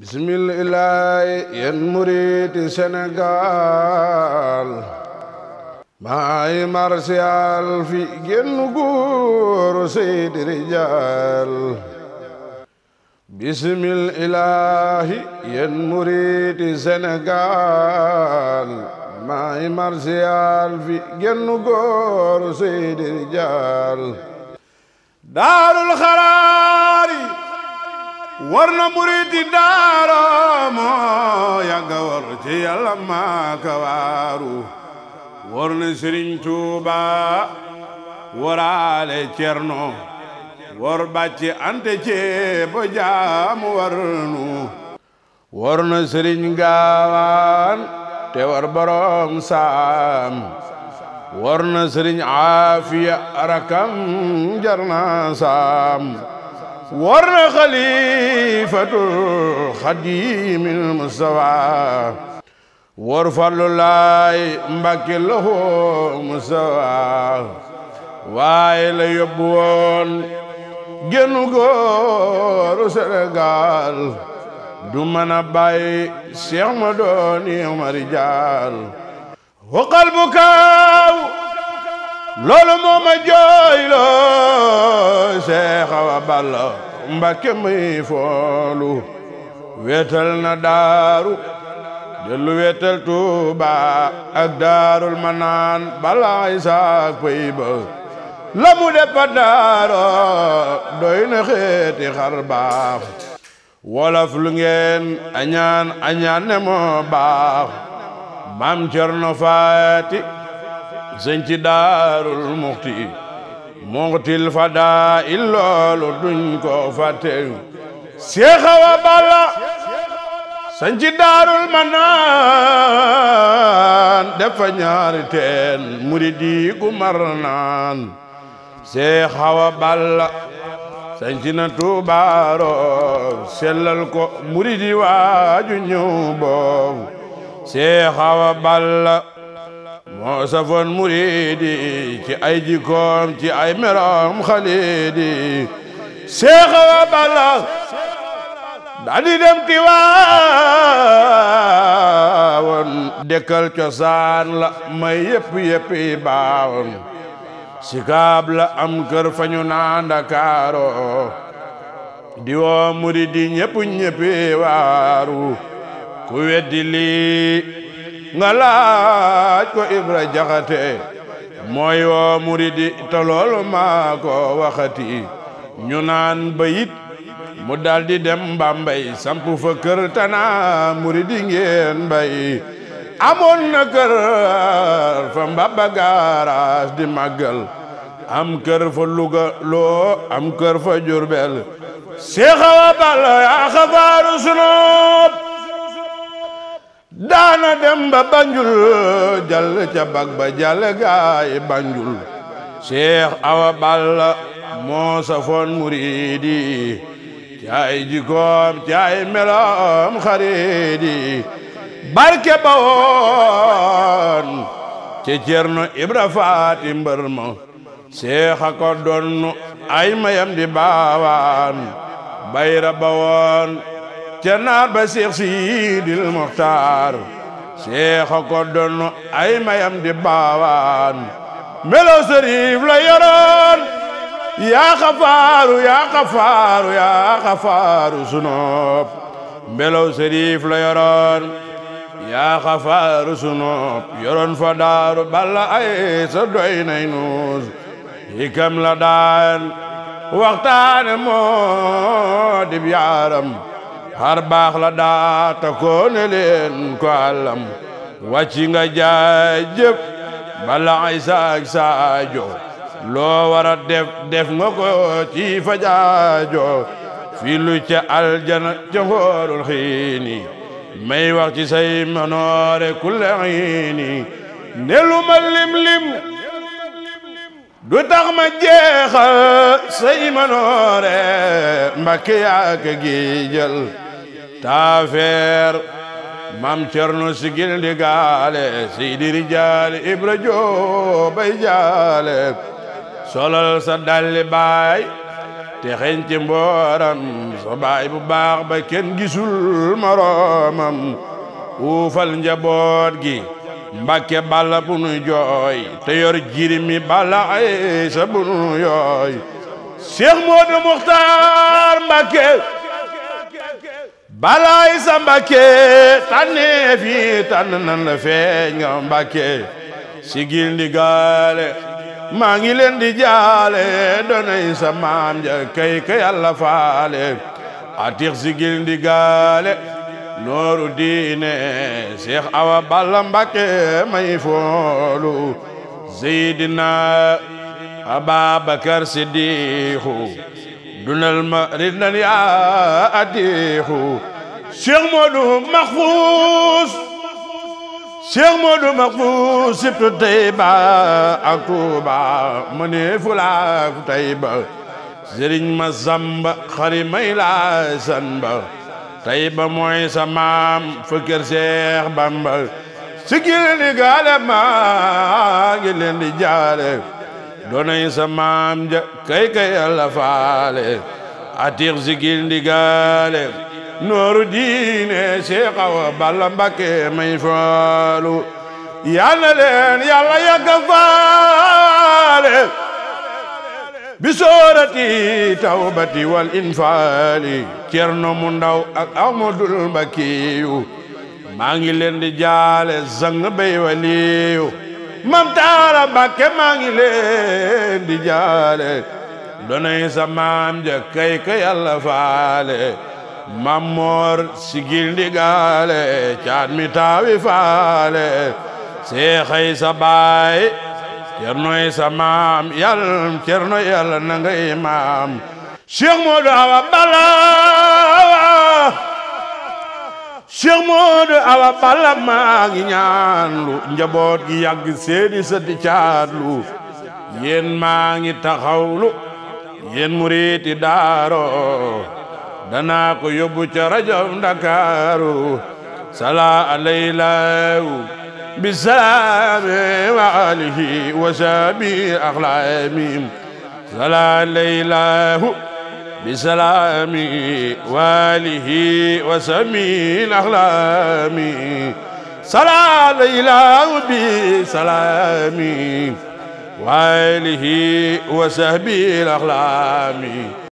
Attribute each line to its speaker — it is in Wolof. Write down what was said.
Speaker 1: bismillahi yéen muriti Sénégal maay marsial fi génn góoru seydi rijal bismillahi fi génn góoru seydi rijal war na muriti daaro moo yàgga war ci yàlla waaru war na sëriñ tuuba waraale cerno war bàcci ante ceebo jaamu war nu war na sëriñ gaawaan te war borom saam war na sëriñ aafiya rakam jarna saam ورنا خليفة الخديم المستوى وارفع لله مبكي له مستوى waaye la yóbbu woon génnu góoru Sénégal du mën a bàyyi Cheikh ma dooni Omari Jaal waqal bu loolu moo ma jooyloo Cheikh mbàkke muy foolu weetal na daaru dellu weetal tuuba ak daarul manaan balaa isaak pay ba la mu defa daaro doy na xeeti xar baax wolof lu ngeen añaan añaan ne moo baax maam cerno faati sëñ ci daarul muxti muqtil fadaa il loolu ko fàtte Seex Awa Balla sanc daarul manaan defa ñaari muridi gu mar naan Seex Awa Balla sanc na sellal ko muridi waaju ñëw boobu Seex Awa Balla moo safoon muriidi ci ay jikkoom ci ay meroom xaliidi seexa wa balla daldi dem ti waawoon dëkkal cosaan la may yëpp yëppi baawoon sikaab la am kër fañu naa ndakaaro di woo muriidi ñëpp ñëppi waaru ku weddi nga laaj ko ibra jaxate mooy woo muridi te maa ko waxati ñu naan bayit mu daldi dem Bambey samp fa kër tana muridi ngeen bay amoon na kër fa mbaba gaaraas di màggal am kër fa Louga loo am kër fa Jurbel seexawa bal yaa xafaaru sunub daana dem ba banjul jàll ca bag ba jàll gaay banjul Cheikh Awa Balla moo safoon muridi caay jikoom caay meloom xaridi barke ba woon ci Cerno Ibra Faati ma Cheikh a ko ay mayam di baawaan bayra ba woon canaar ba seex siidil muxtaar seexa ko donnu ay mayam di baawaan melow sëriif la yoroon yaa xafaaru yaa xafaaru yaa xafaaru sunoob melow sëriif la yoroon yaa xafaaru sunoob yoroon fa daaru balla ay sa doy nuus hikam la daan waxtaane moo dib yaaram har baax la daata koone leen ko alam wàcci nga jaajëf bala ay saak saajo loo def def nga ko ci fa jaajo filu ca aljana ca xoorul xiini may wax say manoore kulle xiini ne ma lim-lim du tax ma jeexal say manoore mbakke yaa giijal taafeer mam cerno sigil di gaale seydi rijaal ibra joobay jaale solal sa dalli baay te xeñ mbooram sa baay bu baax ba kenn gisul moroomam uufal njaboot gi mbakke balla bu nu jooy te yor jirimi balla ay sa bu nu yooy Cheikh Modou Muxtaar Mbakke balaay sa Mbàkke tànnee fii tànn nan la feeñ nga Mbàkke sigil ndigaale maa ngi leen di jaale doonay sa maam ja kay ka yàlla faale atix sigil ndigaale nooru diine Seex Awa Balla Mbàkke may foolu Seydina Ababakar Siddiixu dunal ma rindan yaa adiixu Cheikh Modou Makhfouss Cheikh Modou Makhfouss Tayba ak Tuuba mu ne fula ak Tayba Sëriñ Masamba xari may la sanba Tayba mooy sa maam fa kër Bamba si gi di gaale maa ngi leen di jaale doonay sa maam ja kay kay faale atiix si gi leen gaale nooru diine Cheikh Awa Balla Mbakke may faalu yal na leen yàlla yàgga faale bi soorati tawbati wal infaali Cerno mu ndaw ak Amadul Mbakiyu maa ngi leen di jaale sang bay waliyu mam taala Mbakke maa di jaale donay sa maam ja kay ka faale mammoor sigil ndigaale caat mi taawi faale seexay sa baay cernoy sa maam yal cerno yàlla na ngay maam cheikh moodu awa awa balla maa ngi ñaan lu njaboot gi yàgg seeni sëti caat lu yéen maa ngi taxawlu yéen muriiti daaro danaa ko yóbbu ca rajo ndakaaru sala alaylaw bi salaami bi salaami wa alihi wa saabi axlaami sala bi salaami wa wa saabi axlaami